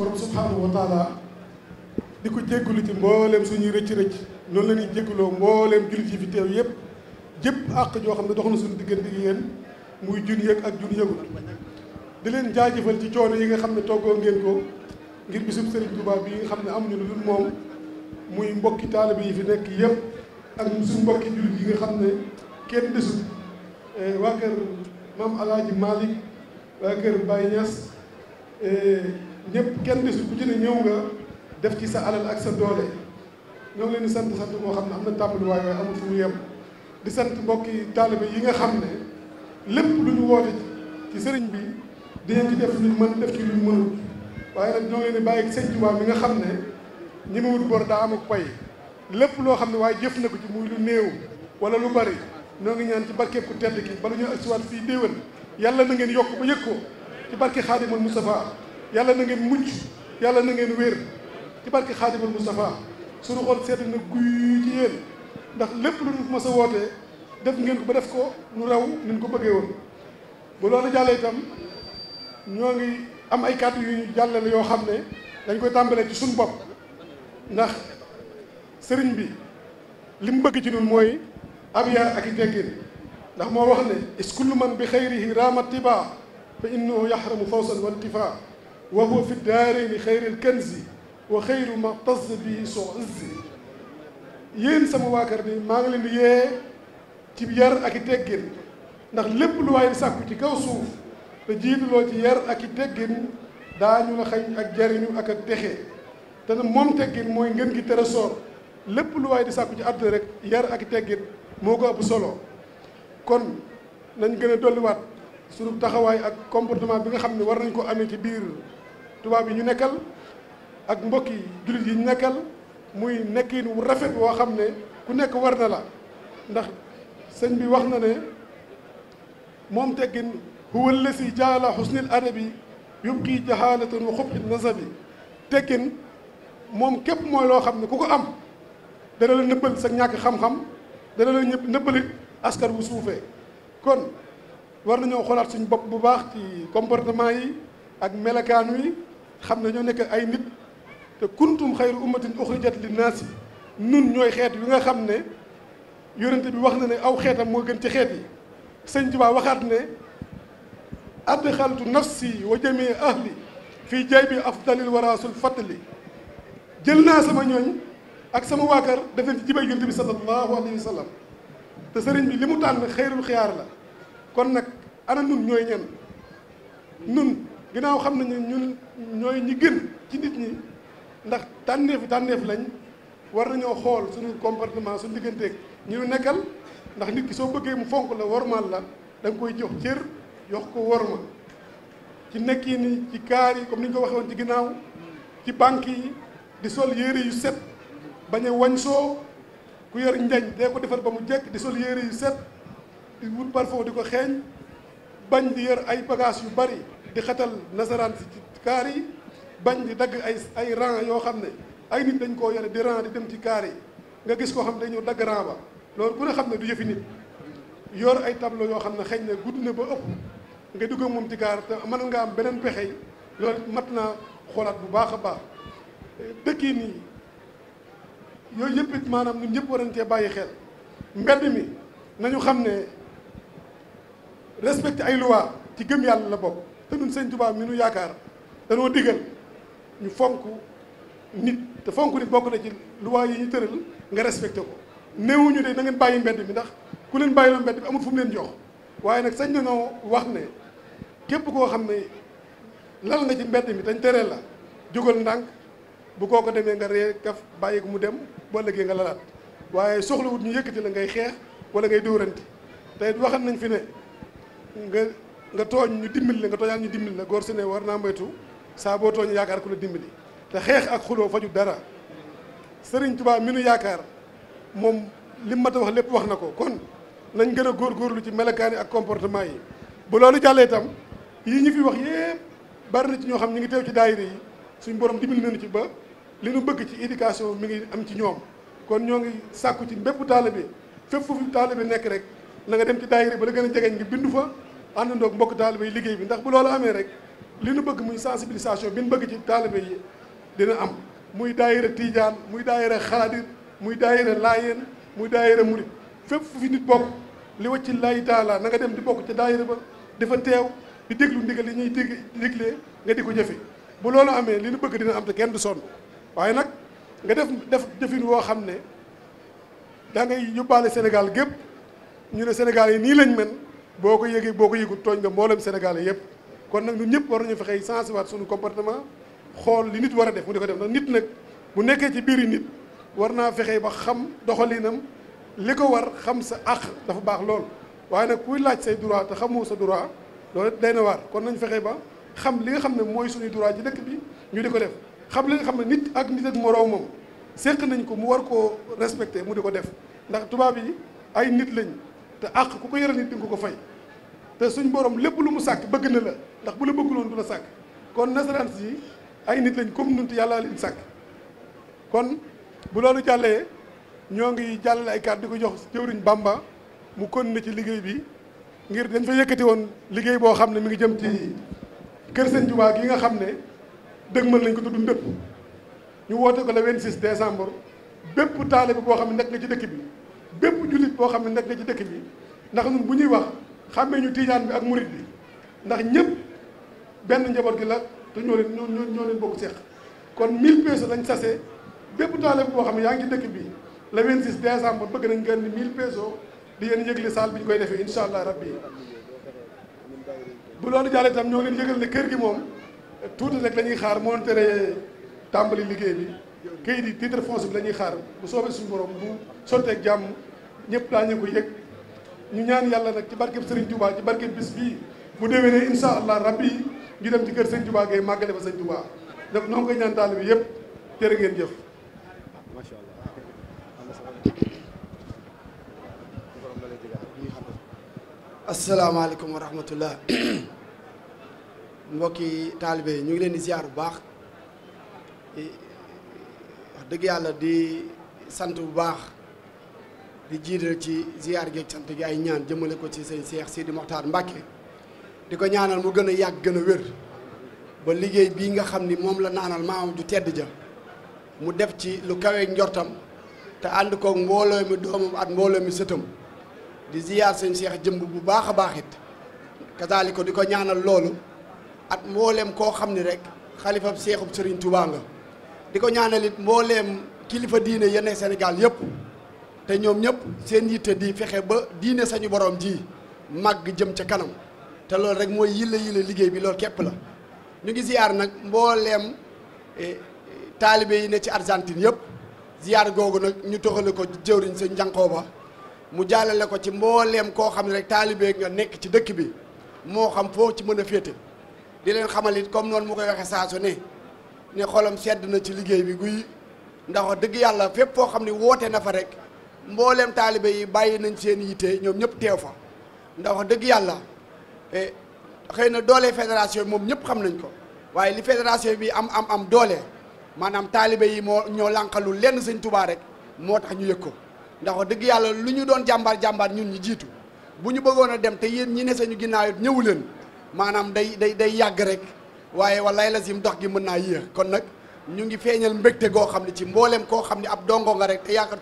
borom subhaanahu wa taala di ko jéggulu ci mboolem suñuy rëcc-rëcc noonu la ñuy jégguloo mbooleem jullit yi fi teew yëpp jëpp àq joo xam ne dox na suñu diggante gi yéen muy jun yëg ak jun yëgul di leen jaajëfal ci coono yi nga xam ne toogoo ngeen ko ngir bisub Sëriñ Tuubaa bi nga xam ne amuñu lu dul moom muy mbokki taalibe yi fi nekk yëpp ak suñu mbokki jullit yi nga xam ne kenn desul eh, waa kër maam Alaaji Malick waa kër Baye eh, ñëpp kenn desul ku ci ñëw nga def ci sa alal ak sa doole ñoo ngi leen di sant sant moo xam ne am na tàmbaliwaay waaye amul fu mu yem di sant mbokki taalibe yi nga xam ne lépp lu ñu woote ci sëriñ bi di ci def luñ mën def ci luñ mënul waaye nag ñoo ngi leen di bàyyi sëñ Tuubaa mi nga xam ne ñi ma wut bor daa amuk pay lépp loo xam ne waaye jëf na ko ci muy lu néew wala lu bari noo ngi ñaan ci barkeeb ku tedd ki bala ñu agsiwaat fii déewén yàlla na ngeen yokk ba yëg ko ci barke Xaadimul Mustafaa yàlla na ngeen mucc yàlla na ngeen wér ci barke xaadimul Moustapha suñu xol seet na guy ci yéen ndax lépp lu ñu mës a wootee def ngeen ko ba def ko lu raw ni ko bëggee woon bu loolu jàllee itam ñoo ngi am ay kàddu yu ñu jàllale yoo xam ne dañ koy tàmbalee ci suñu bopp ndax sëriñ bi li mu bëgg ci ñun mooy ab yar ak i teggin ndax moo wax ne is kullu man bi xayrihi raama tiba fa innahu yaxramu fawsan wa intifa wa huwa fi daarayni xayril kanzi wa xayru ma tas bi soo izzi yéen sama waa bi maa ngi leen di ci yar ak i teggin ndax lépp lu waay sàkku ci kaw suuf te jiitaloo ci yar ak i teggin daañu la xañ ak jariñu ak ak texe te moom teggin mooy ngeen gi trésor lépp lu waay di sàkku ci àdduna rek yar ak i teggin moo ko ëpp solo kon nañ gën a dolliwaat sunu taxawaay ak comportement bi nga xam ne war nañ ko amee ci biir tubaab yi ñu nekkal ak mbokki jullit yi ñu nekkal muy nekkin wu rafet woo xam ne ku nekk war na la ndax sëñ bi wax na ne moom teggin huwa lesi jaala xusnil kii yubqi jahalatan wa xubxi nasabi teggin moom képp mooy loo xam ne ku ko am dana la nëbbal sa ñàkk xam-xam dana la ñëpp nëbbalit askan wu suufee kon war nañoo xoolaat suñu bopp bu baax ci comportement yi ak melokaan wi xam ne ñoo nekk ay nit te kuntum xayru ummatin uxrijat linnaasi nun ñooy xeet yu nga xam ne yonente bi wax na ne aw xeetam moo gën ci xeet yi sëñ Tuubaa waxaat ne adxaltu nafsi wa jamii ahli fii bi jaybi afdalil waraasul fatli jël naa sama ñooñ ak sama waa kër def leen ci jibay yonente bi sallallahu alayhi wa te sëriñ bi li mu tànn xayrul xiyaar la kon nag ana nun ñooy ñan nun ginnaaw xam nañu ñun ñooy ñi gën ci nit ñi ndax tànneefi tànneef lañ war nañoo xool suñu comportement suñu digganteeg ñi ñu nekkal ndax nit ki soo bëggee mu fonk la wormaal la da koy jox cër yox ko worma ci nekki ni ci kaar yi comme ni ñu ko waxee ci ginnaaw ci banque yi di sol yére yu set bañ wañ soo ku yor njañ dee ko defar ba mu jekk di sol yére yu set di wut parfum di ko xeeñ bañ di yor ay bagages yu bari di xetal nasaraan si ci kaar yi bañ di dagg ay ay rang yoo xam ne ay nit dañ koo yore di rang di dem ci kaar yi nga gis koo xam ne dañu dagg rang ba loolu ku ne xam ne du yëfi nit yor ay tableau yoo xam ne xëy na gudd na ba ëpp nga dugg moom ci kaar te mën nga am beneen pexe yi loolu mat naa xoolaat bu baax a baax dëkk nii yooyu yëpp maanaam ñun ñëpp war nañ cee bàyyi xel mbedd mi nañu xam ne respecté ay loi ci gëm yàlla la bokk te ñun sëñ Tuubaa mi nu yaakaar danoo digal ñu fonk nit te fonk nit bokk na ci loi yi ñu tëral nga respecté ko néewuñu de na ngeen bàyyi mbedd mi ndax ku leen bàyyi loo mbedd bi amul fu mu leen waaye nag sañ nañoo wax ne képp koo xam ne lal nga ci mbedd mi dañ tereel la jógal ndànk bu koo ko demee nga ree kaf bàyyi ko mu dem boo lëggee nga lalaat waaye soxlawut ñu yëkkati la ngay xeex wala ngay dóorante te waxan nañ fi ne nga nga tooñ ñu dimbali la nga tooñaat ñu dimbali la góor su ne war naa moytu saa boo tooñ yaakaar ku la dimbali te xeex ak xuloo faju dara Sëriñ Tuubaa mi nu yaakaar moom li mat a wax lépp wax na ko kon nañ gën a góor góorgóorlu ci melokaan yi ak comportement yi bu loolu jàllee tam yii ñu fi wax yépp bari na ci ñoo xam ñu ngi teew ci daayira yi suñ borom dimbali nañu ci ba li nu bëgg ci éducation mi ngi am ci ñoom kon ñoo ngi sàkku ci bépp taalibe fépp foofu taalibe nekk rek na nga dem ci daayira ba la gën a jegeñ ngi bindu fa àndandoog mbokk taalibe yi liggéey bi ndax bu loolu amee rek li nu bëgg muy sensibilisation bi nu bëgg ci taalibe yi dina am muy daayira tiijaan muy daayira xaadir muy daayira laayeen muy daayira murit fépp fu fi nit bokk li wacci laayi taala na nga dem di bokk ci daayira ba di fa teew di déglu ndigal yi ñuy dégg diglee nga di ko jëfe bu loolu amee li nu bëgg dina am te kenn du sonn waaye nag nga def def jëfin woo xam ne da ngay yóbbaale Sénégal gépp ñu ne Sénégal yi nii lañ mel boo ko yëgee boo ko tooñ nga mboolem Sénégalais yëpp kon nag ñun ñëpp war nañu fexe sensibiliser suñu comportement xool li nit war a def mu di ko def ndax nit nag bu nekkee ci biir nit war naa fexe ba xam doxalinam li ko war xam sa àq dafa baax lool waaye nag kuy laaj say droit te xamoo sa droit loolu day na waar kon nañ fexe ba xam li nga xam ne mooy suñuy droit ci dëkk bi ñu di ko def xam li nga xam ne nit ak nit ak moroomam séq nañ ko mu war koo respecté mu di ko def ndax tubaab yi ay nit lañ. te àq ku ko yore nit di nga ko fay te suñ boroom lépp lu mu sàkk bëgg na la ndax bu la bëgguloon du la sàkk kon nasaraan si ay nit lañ comme nunti yàlla leen sàkk kon bu loolu jàllee ñoo ngi jàllale ay kàddu di ko jox jëwriñ Bamba mu kon na ci liggéey bi ngir dañ fa yëkkati woon liggéey boo xam ne mi ngi jëm ci kër sëñ Tuubaa gi nga xam ne dëgmal nañ ko tudd ndëpp ñu woote ko le 26 décembre bépp taalibe boo xam ne nekk nga ci dëkk bi bépp jullit boo xam ne nekk na ci dëkk bi ndax ñun bu ñuy wax xàmmee ñu tiijaan bi ak murit bi ndax ñëpp benn njaboot gi la te ñoo leen ñoo leen bokk seex kon 1000 pesos lañ sase bépp taalibe boo xam ne yaa ngi ci dëkk bi le 26 décembre bëgg nañ ngeen ni 1000 pesos di yéen yëgle saal bi ñu koy defee incha allah rabbi bu loolu jàllee itam ñoo leen yëgal ne kër gi moom tuuti rek la ñuy xaar moo tere tàmbali liggéey bi kayit yi titre foncier bi la ñuy xaar bu soobee suñu borom bu sotteeg jàmm. ñëpp daañu ko yëg ñu ñaan yàlla nag ci barkeb Serigne Touba ci barkeb bis bii bu déwénee incha allah rabbi ñu dem ci kër Serigne Touba ngay màggale fa Serigne Touba donc noo ngi koy ñaan taalibe yëpp jërë ngeen jëf. asalaamaaleykum wa rahmatullah mbokki taalibe yi ñu ngi leen di ziar bu baax dëgg yàlla di sant bu baax. di jiital ci ziar geeg cant gi ay ñaan jëmale ko ci sëñ Cheikh Sidi moxtaar Mbacke di ko ñaanal mu gën a yàgg gën a wér ba liggéey bii nga xam ni moom la naanal maamam ju tedd ja mu def ci lu kawe njortam te ànd koog mbooloo mi doomam at mbooloo mi sëtam di ziar sëñ Cheikh jëmb bu baax a baax it kasaali ko di ko ñaanal loolu at mbooleem koo xam ni rek xalifab seexub sëriñ Touba nga di ko ñaanal it mbooleem kilifa diine yenn Sénégal yëpp te ñoom ñëpp seen yitte di fexe ba diine sañu boroom ji màgg jëm ca kanam te loolu rek mooy yilla yilla liggéey bi loolu képp la ñu ngi ziyaar nag mbooleem eh, taalibe yi ne ci Argentine yëpp ziyaar googu nag ñu toxale ko jëwriñ sëñ njànkoo ba mu jàllale ko ci mbooleem koo xam ne rek taalibe nga nekk ci dëkk bi moo xam foo ci mën a féete di leen xamal it comme noonu mu koy waxe saa ne ne xolam sedd na ci liggéey bi guy ndax dëgg yàlla fépp foo xam ne woote na rek mbooleem taalibe yi bàyyi nañ seen yitte ñoom ñëpp teew fa ndax dëgg yàlla e, xëy na doole fédération bi moom ñëpp xam nañ ko waaye li fédération bi am am am doole maanaam taalibe yi moo ñoo lànqalu lenn sëñ Tuubaa rek moo tax ñu yëg ko ndax dëgg yàlla lu ñu doon jàmbaar jàmbaar ñun ñu jiitu bu ñu bëggoon a dem te yéen ñi ne sañu ginnaaw ñëwu leen maanaam day day day yàgg rek waaye yi mu dox gi mën naa yéex kon nag ñu ngi feeñal mbégte goo xam ne ci mbooleem koo xam ne ab dongo nga rek te yaakaar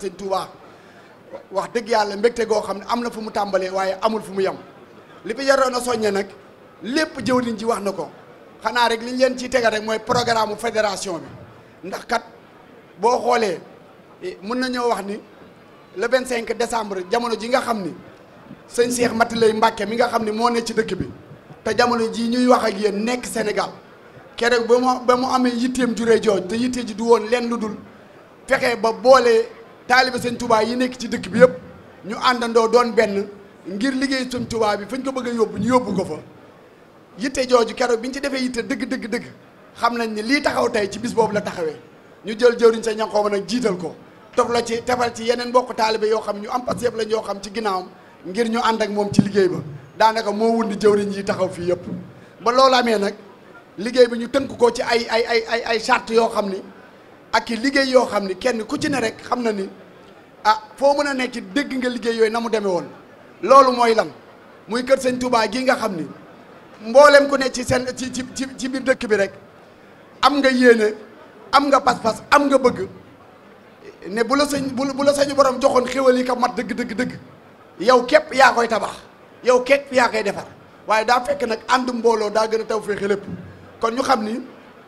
wax dëgg yàlla mbégte goo xam ne am na fu mu tàmbalee waaye amul fu mu yem li fi yaroon a soññe nag lépp jëwriñ ji wax na ko xanaa rek li leen ciy tegal rek mooy programme fédération bi ndax kat boo xoolee eh, mun nañoo wax ni le 25 décembre jamono ji nga xam ni sëñ Cheikh Mati lay Mbàkke mi nga xam ni moo ne ci dëkk bi te jamono ji ñuy wax ak yéen nekk senegal keroog ba mu ba mu amee yitteem juree jooj te yitte ji du woon lenn lu dul fexe boole. taaliba sëñ Touba yi nekk ci dëkk bi yëpp ñu àndandoo doon benn ngir liggéey sëñ Touba bi fañ ko bëgg a yóbbu ñu yóbbu ko fa yitte jooju keroog bi biñ ci defee yitte dëgg dëgg dëgg xam nañ ne lii taxaw tey ci bis boobu la taxawee ñu jël jëwriñ sa ñanqooma nag jiital ko topp la ci tefal ci yeneen mbokk taalibe yoo xam ñu am passeef lañ yoo xam ci ginnaawam ngir ñu ànd ak moom ci liggéey ba daanaka moo wundi jëwriñ yi taxaw fii yëpp ba loolu amee nag liggéey bi ñu tënk ko ci ay ay ay ay ay yoo xam ni ak i liggéey yoo xam ni kenn ku ci ne rek xam na ni ah foo mën a nekk dëgg nga liggéey yooyu na mu demee woon loolu mooy lan muy kër sëñ Touba gi nga xam ni mboolem ku ne ci seen ci ci ci biir dëkk bi rek am nga yéene am nga pas-pas am nga bëgg ne bu la sëñ bu la sañu borom joxoon xéwal yi ka mat dëgg dëgg yow képp yaa koy tabax yow képp yaa koy defar waaye daa fekk nag ànd mbooloo daa gën a taw féexe lépp kon ñu xam ni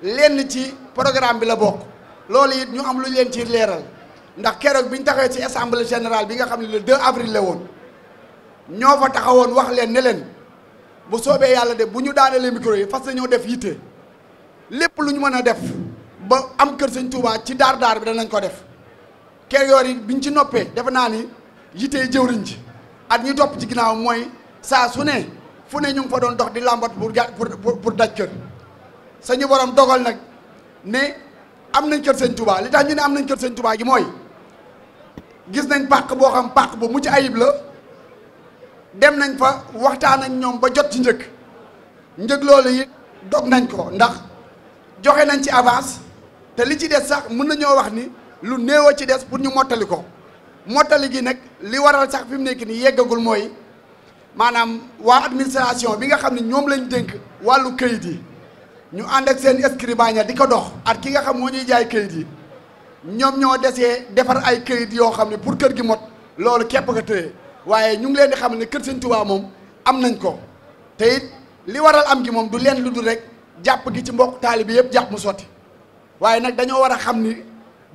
lenn ci programme bi la bokk. loolu it ñu am lu ñu leen ci leeral ndax keroog bi ñu taxawee ci assemblée général bi nga xam ne le 2 avril la woon ñoo fa taxawoon wax leen ne leen bu soobee yàlla de bu ñu daanelee micro yi fas nañoo def yitte lépp lu ñu mën a def ba am kër sëñ Touba ci daar daar bi danañ ko def keroog yi biñ ci noppee defe naa ni yittee jëwriñ ci at ñu topp ci ginnaaw mooy saa su ne fu ne ñu ngi fa doon dox di làmbat pour pour pour daj kër sañu borom dogal nag ne. am nañ kër sëñ Touba li tax ñu ne am nañ kër sëñ Touba gi mooy gis nañ pàq boo xam pàq bu mucc ayib la dem nañ fa waxtaan ak ñoom ba jot ci njëkk njëg loolu yi dog nañ ko ndax joxe nañ ci avance te li ci des sax mën nañoo wax ni lu néew a ci des pour ñu mottali ko mottali gi nag li waral sax fi mu nekk nii yeggagul mooy maanaam waa administration bi nga xam ne ñoom lañ dénk wàllu këyit yi. ñu ànd ak seen escribania di ko dox at ki nga xam moo ñuy jaay kayit yi ñoom ñoo desee defar ay kayit yoo xam ne pour kër gi mot loolu képp nga tëye waaye ñu ngi leen di xam ne kër Sëñ Tuubaa moom am nañ ko te it li waral am gi moom du leen lu dul rek jàpp gi ci mbokk taalibi yëpp jàpp mu sotti waaye nag dañoo war a xam ni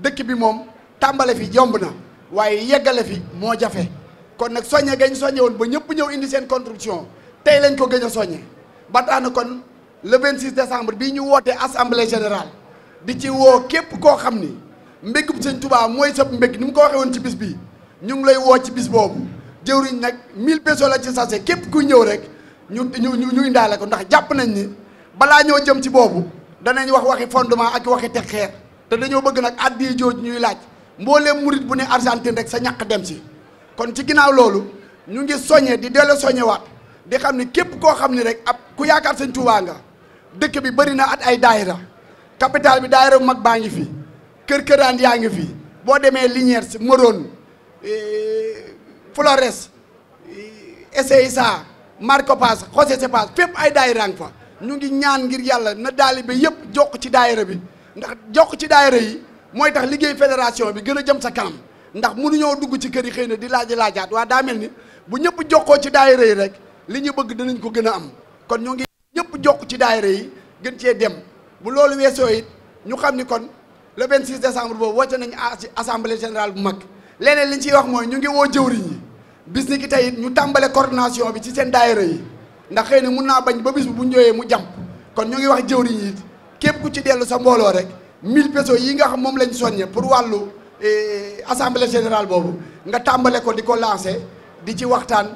dëkk bi moom tàmbale fi yomb na waaye yeggale fi moo jafe kon nag soññe gañ soññe woon ba ñëpp ñëw indi seen contribution tey lañ ko gën a soññe le 26 décembre bi ñu wootee assemblée général di ci woo képp koo xam ni mbégum sëñ Touba mooy sa mbég ni mu ko waxee woon ci bis bi ñu ngi lay woo ci bis boobu jëwriñ nag mille pesos la ci sase képp kuy ñëw rek ñu ñu ñu indaale ko ndax jàpp nañ ni balaa ñoo jëm ci boobu danañ wax waxi fondement ak waxi teg xeer te dañoo bëgg nag addi jooj ñuy laaj mbooleem murit bu ne Argentine rek sa ñàq dem si kon ci ginnaaw loolu ñu ngi soñe di dellu soñewaat di xam ni képp koo xam ni rek ab ku yaakaar sëñ Touba nga dëkk bi bëri na at ay daayira capital bi daayira bu mag baa ngi fi kër këraan yaa ngi fi boo demee Liguères Morone eh, Flores Ezeiza eh, Marco Paz José Sepas fépp ay daayira nga fa ñu ngi ñaan ngir yàlla na daalibe yëpp jokk ci daayira bi ndax jokk ci daayira yi mooy tax liggéey fédération bi gën a jëm sa kanam ndax mu nu mënuñoo dugg ci kër yi xëy na di laaj laajaat waa daa mel ni bu ñëpp jokkoo ci daayira yi rek li ñu bëgg dinañ ko gën a am kon ñu ngi jokk ci daayira yi gën cee dem bu loolu weesoo it ñu xam ni kon le 26 décembre boobu woote nañu ci assemblée générale bu mag leneen li ñu ciy wax mooy ñu ngi woo jëwriñ yi bis ni ki tey it ñu tàmbale coordination bi ci seen daayira yi ndax xëy ne mun naa bañ ba bis bu ñëwee mu jàmp kon ñu ngi wax jëwriñ yi képp ku ci dellu sa mbooloo rek 1000 pesos yi nga xam moom lañ soññe pour wàllu eh, assemblée général boobu nga tàmbale ko di ko lancé di ci waxtaan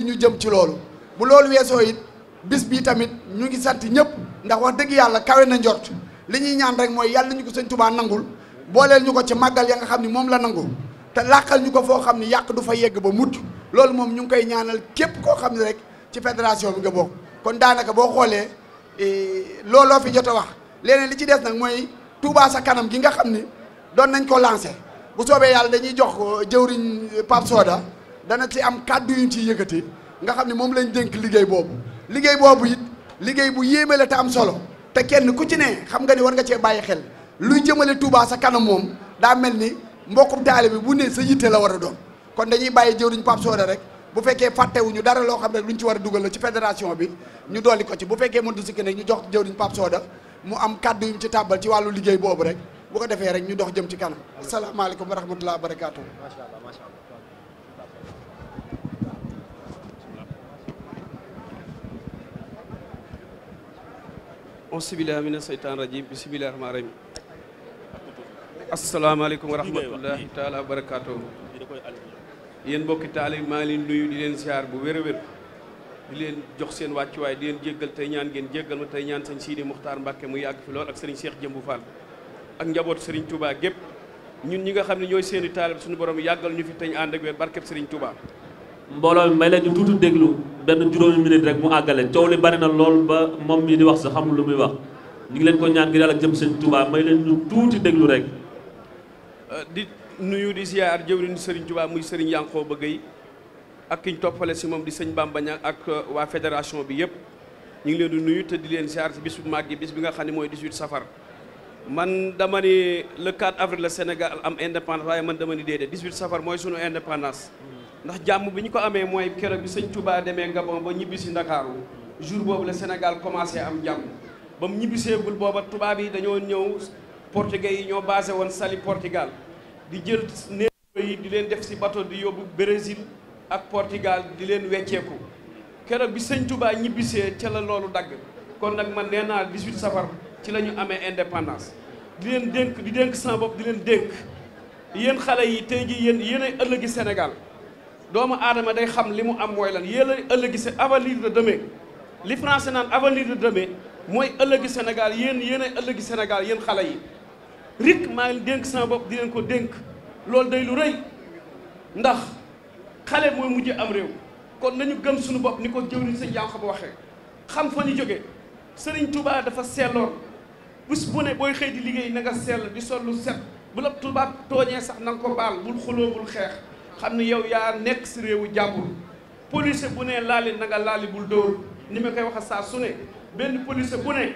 ñu jëm ci loolu loolu weesoo it. bis bii tamit ñu ngi sant ñëpp ndax wax dëgg yàlla kawe na njort li ñuy ñaan rek mooy yàlla ñu ko sëñ Tuubaa nangul booleel ñu ko ci màggal ya nga xam ni moom la nangu te làqal ñu ko foo xam ni yàq du yegg ba mucc loolu moom ñu ngi koy ñaanal képp koo xam ne rek ci fédération nga bokk kon daanaka boo xoolee e, looloo fi jot a wax leneen li ci des nag mooy Touba sa kanam gi nga xam ni doon nañ ko lancé bu soobee yàlla dañuy jox e, jëwriñ Pape Soda dana ci am kàddu yuñ ciy yëkkati nga xam ne moom lañ dénk liggéey boobu liggéey boobu it liggéey bu yéeme la te am solo te kenn ku ci ne xam nga ni war nga cee bàyyi xel luy jëmale Touba sa kanam moom daa mel ni mbokkum taale bi bu ne sa yitte la war a doon kon dañuy bàyyi jëwriñ Pape Soda rek bu fekkee fàttewuñu dara loo xam ne luñ ci war a dugal la ci fédération bi ñu dolli ko ci bu fekkee mënut si ne ñu jox jëwriñ Pape Soda mu am kàddu yu ci tàbbal ci wàllu liggéey boobu rek bu ko defee rek ñu dox jëm ci kanam asalaamaaleykum wa rahmatulah wa barakaatu. macha allah macha allah. auzubilaahi mina seytaani rajiim bismillaahi rahmaani rahiim asalaamaaleykum wa rahmatullahi taala wa barakaatu yéen mbokki taalib maa ngi leen nuyu di leen siyaar bu wér a wér di leen jox seen wàccuwaay di leen jéggal tey ñaan ngeen jéggal ma tey ñaan sëñ Sidi Muxtaar Mbàkke mu yàgg fi lool ak sëriñ Cheikh Jëmbu Fall ak njaboot sëriñ Touba gépp ñun ñi nga xam ne ñooy seeni taalib suñu borom yàggal ñu fi tey ànd ak wér barkeb sëriñ Touba mbooloo mi may leen ñu tuuti déglu benn juróomi minute rek mu àggale coow li bari na lool ba moom mii di wax sa xamul lu muy wax ñu ngi leen ko ñaan ngir yàlla jëm sëñ Touba may leen ñu tuuti déglu rek. Euh, di di ziar jëwriñ Serigne Touba muy Serigne Yankhoba Gueye ak ki toppale si moom di sëñ Bamba Niang ak euh, waa fédération bi yëpp ñu ngi leen di nuyu te di leen ziar si bis bu màgg bis bi nga xam ne mooy 18 safar. man dama ni le 4 avril la Sénégal am indépendance waaye man dama ni de 18 safar mooy sunu indépendance. ndax jàmm bi ñu ko amee mooy keroog bi sëñ Touba demee nga boom ba ñibbisi Ndakaaru jour boobu la Sénégal commencé am jàmm ba mu ñibbiseegul booba tubaab yi dañoo ñëw portugais yi ñoo basé woon Saly Portugal di jël néew yi di leen def si bateau di yóbbu Brésil ak Portugal di leen wecceeku keroog bi sëñ tubaa ñibbisee ca la loolu dagg kon nag man nee naa 18 safar ci la ñu amee indépendance di leen dénk di dénk sama bopp di leen dénk yéen xale yi tey jii yéen yéenay ëllëgi Sénégal doomu aadama day xam li mu am mooy lan yéen a ëllëgi c'est avenir de li français naan avenir de demain mooy ëllëgi senegal yéen yéen ay ëllëgi senegal yéen xale yi rik maa ngi dénk sama bopp di leen ko dénk loolu day lu rëy ndax xale mooy mujj am réew kon nañu gëm suñu bopp ni ko jëwriñ sëñ Yankoba waxee xam fa ñu jóge sëriñ Touba dafa seetloon bés bu ne booy xëy liggéey na nga seetlu di sol lu set bu la Touba tooñee sax na ko baal bul xuloo bul xeex xam ne yow yaa nekk si réewu jàmbur policier bu ne laali na nga laali bul dóor ni ma koy wax a saa su ne benn policier bu ne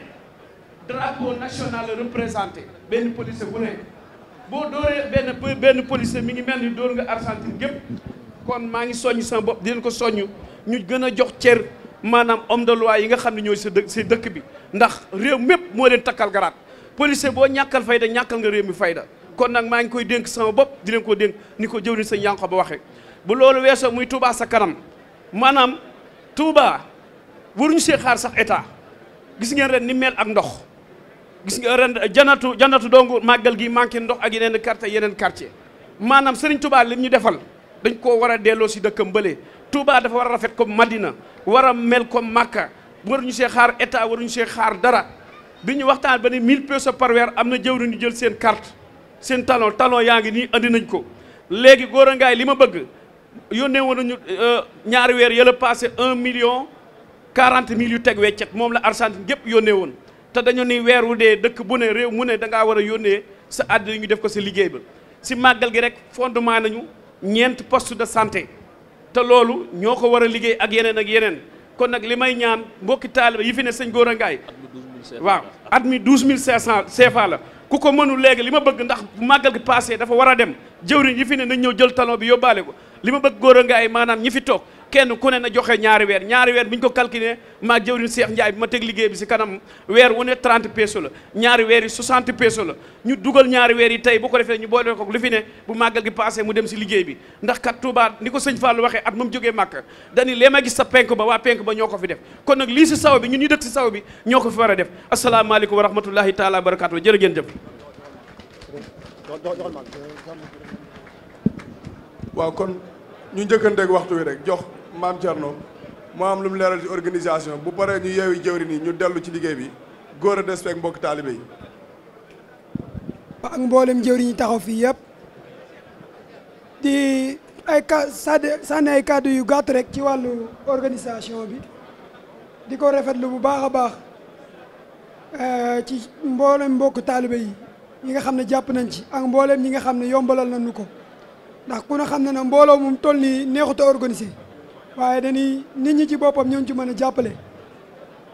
drapeau national représenté benn policier bu ne boo dóoree benn benn policier mi ngi mel ni dóor nga Argentine gépp kon maa ngi soññ sama bopp di ko soññ ñu gën a jox cër maanaam homme de yi nga xam ne ñooy sa dë si dëkk bi ndax réew mépp moo leen takkal garaat policier boo ñàkkal fayda ñàkkal nga réew mi fayda kon nag maa ngi koy dénk sama bopp dileen koo ko dénk ni ko jëwriñ sëñ Yankoba ba waxee bu loolu weesoo muy Touba sa kanam maanaam Touba waruñu see xaar sax état gis ngeen ren ni mel ak ndox gis nga ren janatu janatu dongu màggal gi manqué ndox ak yeneen quartier yeneen quartier maanaam Serigne Touba lim ñu defal dañ koo war delloo si dëkkam bële Touba dafa war a rafet comme Madina war a mel comme Makka waruñu see xaar état waruñu see xaar dara bi ñu waxtaan ba ne 1000 pesos par weer am na jëwriñ ñu jël seen carte. seen talon talon yaa ngi nii andi nañ ko léegi góor a ngaay li ma bëgg yónnee woon nañu euh, ñaari weer yëla passé un million quarante mille yu teg weccet moom la Argentine gépp yónnee woon te dañu ni weer wu dee dëkk bu ne réew mu ne da war a yónnee sa àddina ñu def ko si liggéey ba si màggal gi rek fondement nañu ñeent poste de santé te loolu ñoo ko war a liggéey ak yeneen ak yeneen kon nag li may ñaan mbokki taaliba yi fi ne sëñ góor a ngaay waaw at mi douze mille cinq cent CFA la ku ko mënul léegi li ma bëgg ndax màggal gi passé dafa war a dem jëwriñ yi fi ne nañ ñëw jël talon bi yóbbaale ko li ma bëgg góor a ay maanaam ñi fi toog kenn ku ne na joxe ñaari weer ñaari weer bi ñu ko calculé maa jëwriñ Seex Njaay bi ma teg liggéey bi si kanam weer wu ne 30 peso la ñaari weer yi 60 peso la ñu dugal ñaari weer yi tey boo ko defee ñu boole ko lu fi ne bu màggal gi passé mu dem si liggéey bi ndax kat Touba ni ko sëñ Fallou waxee at moom jógee Màkka dani lee ma gis sa penk ba waa penk ba ñoo ko fi def kon nag lii si saw bi ñu ñu dëkk si saw bi ñoo ko fi war a def asalaamaaleykum wa rahmatullahi taala wa barakatu jërë ngeen jëf waaw kon ñu njëkkanteeg waxtu wi rek jox maam Thierno moo am lu mu leeral ci organisation bu paree ñu yeewi jëwri nii ñu dellu ci liggéey bi góor a des fekk mbokk taalibe yi. ak mbooleem jëwri ñi taxaw fii yëpp di ay ka sànni ay kàddu yu gàtt rek ci wàllu organisation bi di ko rafetlu bu baax a baax euh, ci mboolem mbokk taalibe yi ñi nga xam ne jàpp nañ ci ak mboolem ñi nga xam ne yombalal nu ko ndax ku ne xam ne ne mbooloo mu toll nii neexut a waaye dañuy nit ñi ci boppam ñoo ci mën a jàppale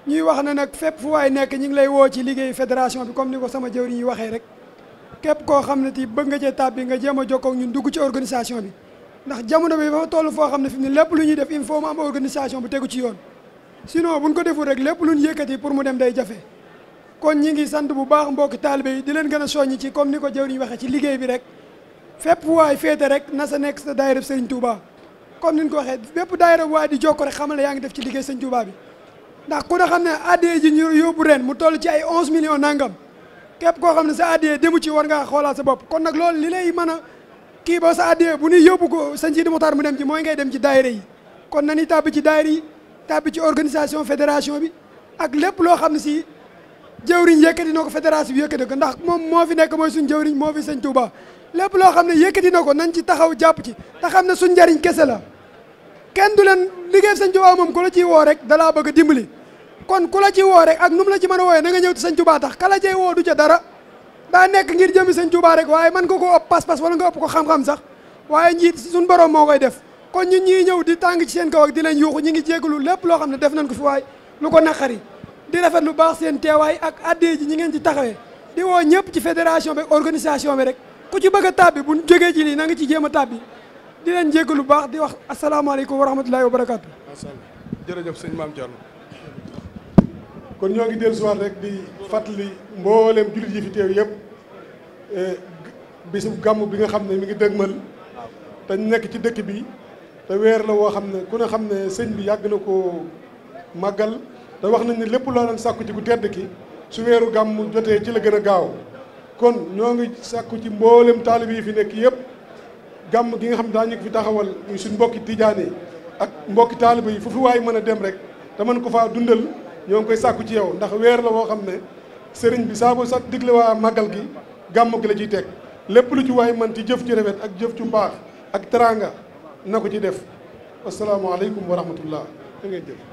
ñuy wax na nag fépp fu waay nekk ñu lay woo ci liggéey fédération bi comme ni ko sama jëwriñ yi waxee rek képp koo xam ne ti bëgg nga cee bi nga jéem a jokkoo ak ñun dugg ci organisation bi ndax jamono bi dafa toll foo xam ne fi mu ne lépp lu ñuy def il faut mu am organisation bu tegu ci yoon sinon buñ ko deful rek lépp lu ñu yëkkati pour mu dem day jafe kon ñi ngi sant bu baax mbokki taalibe yi di leen gën a soññi ci comme ni ko jëwriñ waxee ci liggéey bi rek fépp fu féete rek na sa nekk sa daayira Sëriñ Tuubaa comme ni ñu ko waxee bépp daayira bu waaye di jokko rek xamal ne yaa ngi def ci liggéey sëñ Touba bi ndax ku ne xam ne addiya ji ñu yóbbu ren mu toll ci ay 11 millions nangam képp koo xam ne sa addiya demu ci war ngaa xoolaat sa bopp kon nag loolu li lay mën a kii ba sa addiya bu ñuy yóbbu ko sëñ Sidi Mokhtar mu dem ci mooy ngay dem ci daayira yi kon nañu tàbb ci daayira yi tàbb ci organisation fédération bi ak lépp loo xam ne si jëwriñ yëkkati na ko fédération bi yëkkati ndax moom moo fi nekk mooy suñ jëwriñ moo fi sëñ Touba lépp loo xam ne yëkkati na ko nañ ci taxaw jàpp ci te xam suñ njariñ kese la kenn du leen liggéey sëñ Tuubaa ku la ciy woo rek dalaa bëgg a dimbali kon ku la ci woo rek ak nu la ci mën a wooyee na nga ñëw ci sëñ Tuubaa tax kala cey woo du ca dara daa nekk ngir jëmi sëñ rek waaye man ko ko ëpp pas-pas wala nga ëpp ko xam-xam sax waaye njiit suñ borom moo koy def kon ñun ñii ñëw di tàng ci seen kaw ak di leen yuuxu ñi ngi jégalu lépp loo xam ne def nañ ko fi waay lu ko naqari di rafet lu baax seen teewaay ak addee ji ñi ngeen ci taxawee di woo ñëpp ci fédération bi organisation bi rek ku ci bëgg a tàbbi bu ci lii na nga ci jéem a tàbbi di leen jéggalu baax di wax asalaamaaleykum wa rahmatulahi wa barakaatu. macha allah jërëjëf sëñ Maam kon ñoo ngi dellusiwaat rek di fàttali mbooleem jullit yi fi teew yëpp e, bisu gàmm bi nga xam ne mi ngi dëgmal te nekk ci dëkk bi te weer la woo xam ne ku ne xam ne sëñ bi yàgg na koo màggal te wax nañ ne lépp loo doon sàkku ci ku tedd ki su weeru gàmm jotee ci la gën a gaaw kon ñoo ngi sàkku ci mbooleem taalib yi fi nekk yëpp. gàmm gi nga xam daañu ko fi taxawal muy suñ mbokki tijaane yi ak mbokki taaliba yi foofu fi waay mën a dem rek te mën ko faa dundal ñoo ngi koy sàkku ci yow ndax weer la woo xam ne sëriñ bi saa boo sax digle waa gi gàmm gi la ciy teg lépp lu ci waay mën ci jëf ci rafet ak jëf ci mbaax ak teraanga na ko ci def asalaamaaleykum wa rahmatullah da ngeen jëf